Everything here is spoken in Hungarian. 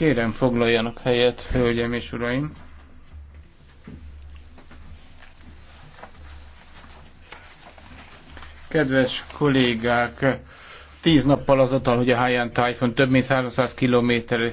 Kérem, foglaljanak helyet, hölgyem és uraim. Kedves kollégák, tíz nappal azóta, hogy a Haiyan Typhoon több mint 300 kilométer